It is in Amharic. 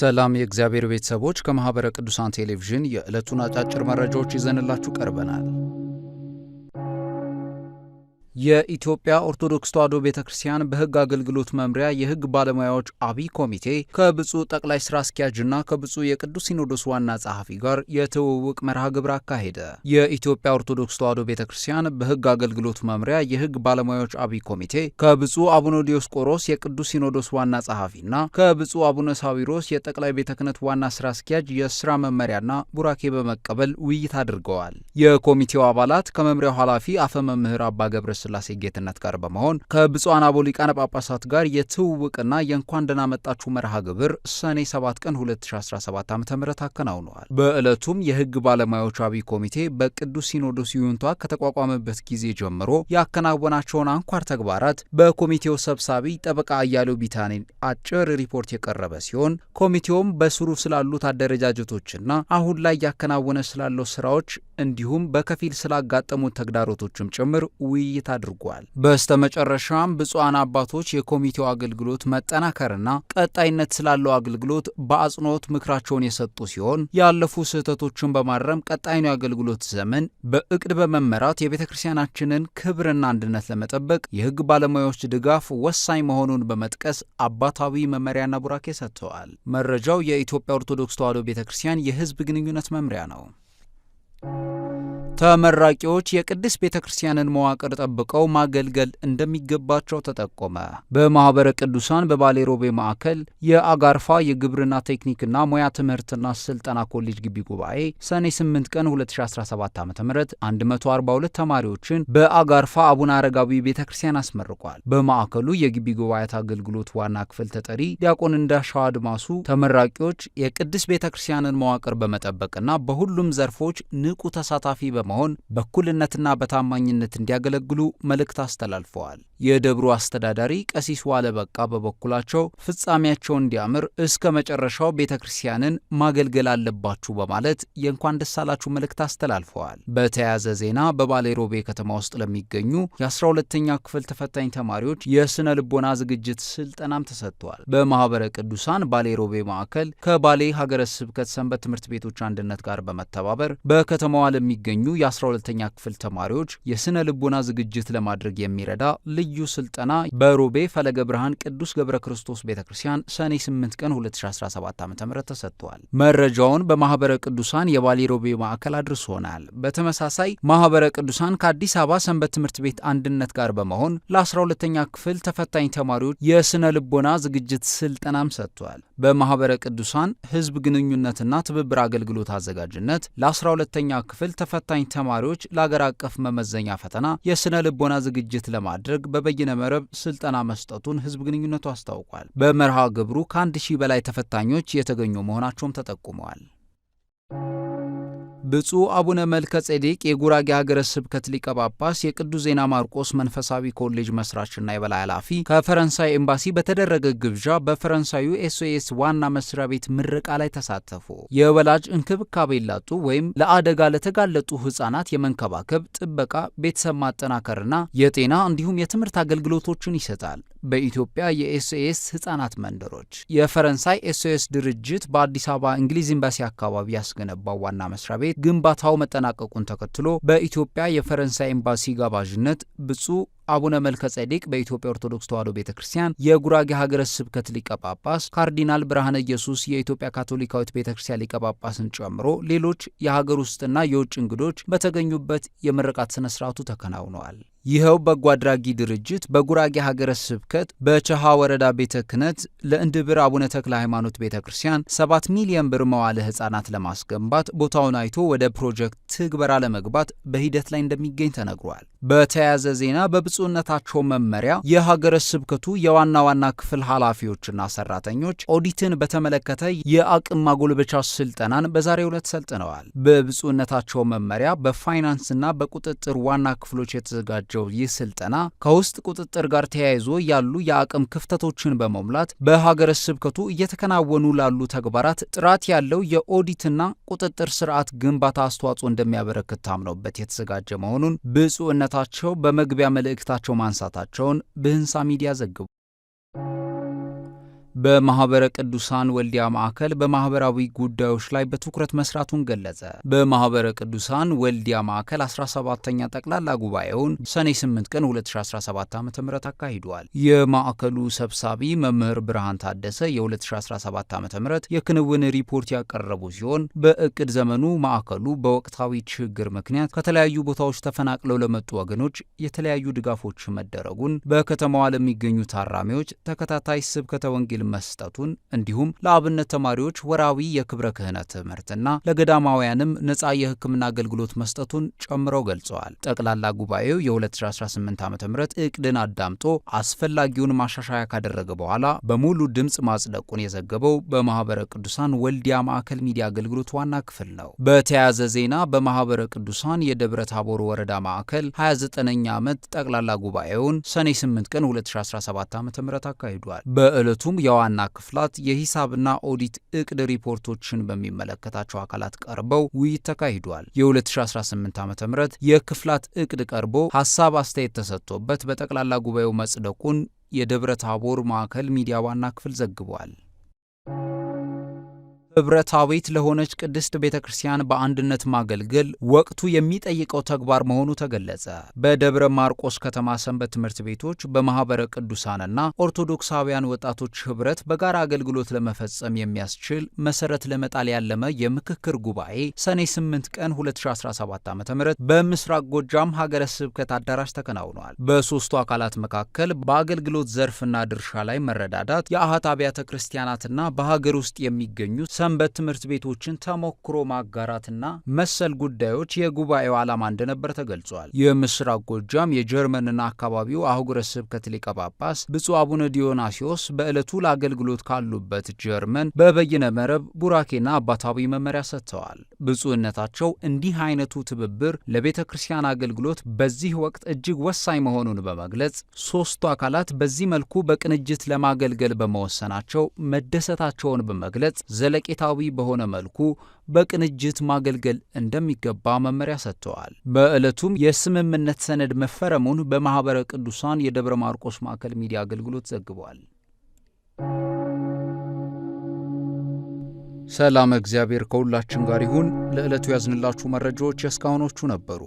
ሰላም የእግዚአብሔር ቤተሰቦች፣ ከማኅበረ ቅዱሳን ቴሌቪዥን የዕለቱን አጫጭር መረጃዎች ይዘንላችሁ ቀርበናል። የኢትዮጵያ ኦርቶዶክስ ተዋሕዶ ቤተ ክርስቲያን በሕግ አገልግሎት መምሪያ የሕግ ባለሙያዎች አብይ ኮሚቴ ከብፁዕ ጠቅላይ ስራ አስኪያጅና ከብፁዕ የቅዱስ ሲኖዶስ ዋና ጸሐፊ ጋር የትውውቅ መርሃ ግብር አካሄደ። የኢትዮጵያ ኦርቶዶክስ ተዋሕዶ ቤተ ክርስቲያን በሕግ አገልግሎት መምሪያ የሕግ ባለሙያዎች አብይ ኮሚቴ ከብፁዕ አቡነ ዲዮስቆሮስ የቅዱስ ሲኖዶስ ዋና ጸሐፊና ከብፁዕ አቡነ ሳዊሮስ የጠቅላይ ቤተ ክህነት ዋና ስራ አስኪያጅ የስራ መመሪያና ቡራኬ በመቀበል ውይይት አድርገዋል። የኮሚቴው አባላት ከመምሪያው ኃላፊ አፈ መምህር አባ ገብረ ስላሴ ጌትነት ጋር በመሆን ከብፁዓን አቦ ሊቃነ ጳጳሳት ጋር የትውውቅና የእንኳን ደህና መጣችሁ መርሃ ግብር ሰኔ 7 ቀን 2017 ዓ ም አከናውነዋል። በዕለቱም የህግ ባለሙያዎች አብይ ኮሚቴ በቅዱስ ሲኖዶስ ይሁንታ ከተቋቋመበት ጊዜ ጀምሮ ያከናወናቸውን አንኳር ተግባራት በኮሚቴው ሰብሳቢ ጠበቃ አያሌው ቢታኔ አጭር ሪፖርት የቀረበ ሲሆን ኮሚቴውም በስሩ ስላሉት አደረጃጀቶችና አሁን ላይ ያከናወነ ስላለው ስራዎች እንዲሁም በከፊል ስላጋጠሙት ተግዳሮቶችም ጭምር ውይይት አድርጓል። በስተመጨረሻም ብፁዓን አባቶች የኮሚቴው አገልግሎት መጠናከርና ቀጣይነት ስላለው አገልግሎት በአጽንኦት ምክራቸውን የሰጡ ሲሆን ያለፉ ስህተቶችን በማረም ቀጣይነው የአገልግሎት ዘመን በእቅድ በመመራት የቤተ ክርስቲያናችንን ክብርና አንድነት ለመጠበቅ የህግ ባለሙያዎች ድጋፍ ወሳኝ መሆኑን በመጥቀስ አባታዊ መመሪያና ቡራኬ ሰጥተዋል። መረጃው የኢትዮጵያ ኦርቶዶክስ ተዋሕዶ ቤተ ክርስቲያን የህዝብ ግንኙነት መምሪያ ነው። Bye. ተመራቂዎች የቅድስት ቤተ ክርስቲያንን መዋቅር ጠብቀው ማገልገል እንደሚገባቸው ተጠቆመ። በማኅበረ ቅዱሳን በባሌሮቤ ማዕከል የአጋርፋ የግብርና ቴክኒክና ሙያ ትምህርትና ስልጠና ኮሌጅ ግቢ ጉባኤ ሰኔ 8 ቀን 2017 ዓ ም 142 ተማሪዎችን በአጋርፋ አቡነ አረጋዊ ቤተ ክርስቲያን አስመርቋል። በማዕከሉ የግቢ ጉባኤያት አገልግሎት ዋና ክፍል ተጠሪ ዲያቆን እንዳሻው አድማሱ ተመራቂዎች የቅድስት ቤተ ክርስቲያንን መዋቅር በመጠበቅና በሁሉም ዘርፎች ንቁ ተሳታፊ በ በመሆን በኩልነትና በታማኝነት እንዲያገለግሉ መልእክት አስተላልፈዋል። የደብሩ አስተዳዳሪ ቀሲስ ዋለ በቃ በበኩላቸው ፍጻሜያቸው እንዲያምር እስከ መጨረሻው ቤተ ክርስቲያንን ማገልገል አለባችሁ በማለት የእንኳን ደስ አላችሁ መልእክት አስተላልፈዋል። በተያያዘ ዜና በባሌሮቤ ከተማ ውስጥ ለሚገኙ የ12ተኛ ክፍል ተፈታኝ ተማሪዎች የስነ ልቦና ዝግጅት ስልጠናም ተሰጥቷል። በማኅበረ ቅዱሳን ባሌሮቤ ማዕከል ከባሌ ሀገረ ስብከት ሰንበት ትምህርት ቤቶች አንድነት ጋር በመተባበር በከተማዋ ለሚገኙ የ12ተኛ ክፍል ተማሪዎች የስነ ልቦና ዝግጅት ለማድረግ የሚረዳ ልዩ ስልጠና በሮቤ ፈለገ ብርሃን ቅዱስ ገብረ ክርስቶስ ቤተ ክርስቲያን ሰኔ 8 ቀን 2017 ዓ ም ተሰጥቷል። መረጃውን በማኅበረ ቅዱሳን የባሌ ሮቤ ማዕከል አድርሶናል። በተመሳሳይ ማኅበረ ቅዱሳን ከአዲስ አበባ ሰንበት ትምህርት ቤት አንድነት ጋር በመሆን ለ12ተኛ ክፍል ተፈታኝ ተማሪዎች የስነ ልቦና ዝግጅት ስልጠናም ሰጥቷል። በማኅበረ ቅዱሳን ሕዝብ ግንኙነትና ትብብር አገልግሎት አዘጋጅነት ለ12ተኛ ክፍል ተፈታኝ ተማሪዎች ለአገር አቀፍ መመዘኛ ፈተና የሥነ ልቦና ዝግጅት ለማድረግ በበይነ መረብ ስልጠና መስጠቱን ሕዝብ ግንኙነቱ አስታውቋል። በመርሃ ግብሩ ከአንድ ሺህ በላይ ተፈታኞች የተገኙ መሆናቸውም ተጠቁመዋል። ብፁዕ አቡነ መልከ ጼዴቅ የጉራጌ ሀገረ ስብከት ሊቀ ጳጳስ፣ የቅዱስ ዜና ማርቆስ መንፈሳዊ ኮሌጅ መስራችና የበላይ ኃላፊ ከፈረንሳይ ኤምባሲ በተደረገ ግብዣ በፈረንሳዩ ኤስኦኤስ ዋና መስሪያ ቤት ምረቃ ላይ ተሳተፉ። የወላጅ እንክብካቤ ላጡ ወይም ለአደጋ ለተጋለጡ ህጻናት የመንከባከብ ጥበቃ፣ ቤተሰብ ማጠናከርና የጤና እንዲሁም የትምህርት አገልግሎቶችን ይሰጣል። በኢትዮጵያ የኤስኦኤስ ህጻናት መንደሮች የፈረንሳይ ኤስኦኤስ ድርጅት በአዲስ አበባ እንግሊዝ ኤምባሲ አካባቢ ያስገነባው ዋና መስሪያ ቤት ግንባታው መጠናቀቁን ተከትሎ በኢትዮጵያ የፈረንሳይ ኤምባሲ ጋባዥነት ብፁዕ አቡነ መልከ ጼዴቅ በኢትዮጵያ ኦርቶዶክስ ተዋሕዶ ቤተ ክርስቲያን የጉራጌ ሀገረ ስብከት ሊቀ ጳጳስ፣ ካርዲናል ብርሃነ ኢየሱስ የኢትዮጵያ ካቶሊካዊት ቤተ ክርስቲያን ሊቀ ጳጳስን ጨምሮ ሌሎች የሀገር ውስጥና የውጭ እንግዶች በተገኙበት የምረቃት ስነ ስርዓቱ ተከናውነዋል። ይኸው በጎ አድራጊ ድርጅት በጉራጌ ሀገረ ስብከት በቸሃ ወረዳ ቤተ ክህነት ለእንድብር አቡነ ተክለ ሃይማኖት ቤተ ክርስቲያን 7 ሚሊዮን ብር መዋለ ህጻናት ለማስገንባት ቦታውን አይቶ ወደ ፕሮጀክት ትግበራ ለመግባት በሂደት ላይ እንደሚገኝ ተነግሯል። በተያያዘ ዜና በብፁዕነታቸው መመሪያ የሀገረ ስብከቱ የዋና ዋና ክፍል ኃላፊዎችና ሰራተኞች ኦዲትን በተመለከተ የአቅም ማጎልበቻ ስልጠናን በዛሬው ዕለት ሰልጥነዋል። በብፁዕነታቸው መመሪያ በፋይናንስና በቁጥጥር ዋና ክፍሎች የተዘጋጀ የተዘጋጀው ይህ ስልጠና ከውስጥ ቁጥጥር ጋር ተያይዞ ያሉ የአቅም ክፍተቶችን በመሙላት በሀገረ ስብከቱ እየተከናወኑ ላሉ ተግባራት ጥራት ያለው የኦዲትና ቁጥጥር ስርዓት ግንባታ አስተዋጽኦ እንደሚያበረክት ታምነውበት የተዘጋጀ መሆኑን ብፁዕነታቸው በመግቢያ መልእክታቸው ማንሳታቸውን ብህንሳ ሚዲያ ዘግቧል። በማህበረ ቅዱሳን ወልዲያ ማዕከል በማህበራዊ ጉዳዮች ላይ በትኩረት መስራቱን ገለጸ። በማህበረ ቅዱሳን ወልዲያ ማዕከል 17ኛ ጠቅላላ ጉባኤውን ሰኔ 8 ቀን 2017 ዓ ም አካሂዷል። የማዕከሉ ሰብሳቢ መምህር ብርሃን ታደሰ የ2017 ዓ ም የክንውን ሪፖርት ያቀረቡ ሲሆን በእቅድ ዘመኑ ማዕከሉ በወቅታዊ ችግር ምክንያት ከተለያዩ ቦታዎች ተፈናቅለው ለመጡ ወገኖች የተለያዩ ድጋፎች መደረጉን፣ በከተማዋ ለሚገኙ ታራሚዎች ተከታታይ ስብከተ ወንጌል መስጠቱን እንዲሁም ለአብነት ተማሪዎች ወራዊ የክብረ ክህነት ትምህርትና ለገዳማውያንም ነጻ የሕክምና አገልግሎት መስጠቱን ጨምረው ገልጸዋል። ጠቅላላ ጉባኤው የ2018 ዓ ም እቅድን አዳምጦ አስፈላጊውን ማሻሻያ ካደረገ በኋላ በሙሉ ድምፅ ማጽደቁን የዘገበው በማህበረ ቅዱሳን ወልዲያ ማዕከል ሚዲያ አገልግሎት ዋና ክፍል ነው። በተያያዘ ዜና በማህበረ ቅዱሳን የደብረ ታቦር ወረዳ ማዕከል 29ኛ ዓመት ጠቅላላ ጉባኤውን ሰኔ 8 ቀን 2017 ዓ ም አካሂዷል። በዕለቱም ዋና ክፍላት የሂሳብና ኦዲት እቅድ ሪፖርቶችን በሚመለከታቸው አካላት ቀርበው ውይይት ተካሂዷል። የ2018 ዓ ም የክፍላት እቅድ ቀርቦ ሀሳብ አስተያየት ተሰጥቶበት በጠቅላላ ጉባኤው መጽደቁን የደብረ ታቦር ማዕከል ሚዲያ ዋና ክፍል ዘግቧል። ህብረታዊት ለሆነች ቅድስት ቤተ ክርስቲያን በአንድነት ማገልገል ወቅቱ የሚጠይቀው ተግባር መሆኑ ተገለጸ። በደብረ ማርቆስ ከተማ ሰንበት ትምህርት ቤቶች በማኅበረ ቅዱሳንና ኦርቶዶክሳውያን ወጣቶች ኅብረት በጋራ አገልግሎት ለመፈጸም የሚያስችል መሠረት ለመጣል ያለመ የምክክር ጉባኤ ሰኔ 8 ቀን 2017 ዓ ም በምስራቅ ጎጃም ሀገረ ስብከት አዳራሽ ተከናውኗል። በሦስቱ አካላት መካከል በአገልግሎት ዘርፍና ድርሻ ላይ መረዳዳት የአኃት አብያተ ክርስቲያናትና በሀገር ውስጥ የሚገኙ ሰንበት ትምህርት ቤቶችን ተሞክሮ ማጋራትና መሰል ጉዳዮች የጉባኤው ዓላማ እንደነበር ተገልጿል። የምስራቅ ጎጃም የጀርመንና አካባቢው አህጉረ ስብከት ሊቀ ጳጳስ ብፁዕ አቡነ ዲዮናሲዎስ በዕለቱ ለአገልግሎት ካሉበት ጀርመን በበይነ መረብ ቡራኬና አባታዊ መመሪያ ሰጥተዋል። ብፁዕነታቸው እንዲህ አይነቱ ትብብር ለቤተ ክርስቲያን አገልግሎት በዚህ ወቅት እጅግ ወሳኝ መሆኑን በመግለጽ ሦስቱ አካላት በዚህ መልኩ በቅንጅት ለማገልገል በመወሰናቸው መደሰታቸውን በመግለጽ ዘለቄ ውጤታዊ በሆነ መልኩ በቅንጅት ማገልገል እንደሚገባ መመሪያ ሰጥተዋል። በዕለቱም የስምምነት ሰነድ መፈረሙን በማኅበረ ቅዱሳን የደብረ ማርቆስ ማዕከል ሚዲያ አገልግሎት ዘግቧል። ሰላም እግዚአብሔር ከሁላችን ጋር ይሁን። ለዕለቱ ያዝንላችሁ መረጃዎች የእስካሁኖቹ ነበሩ።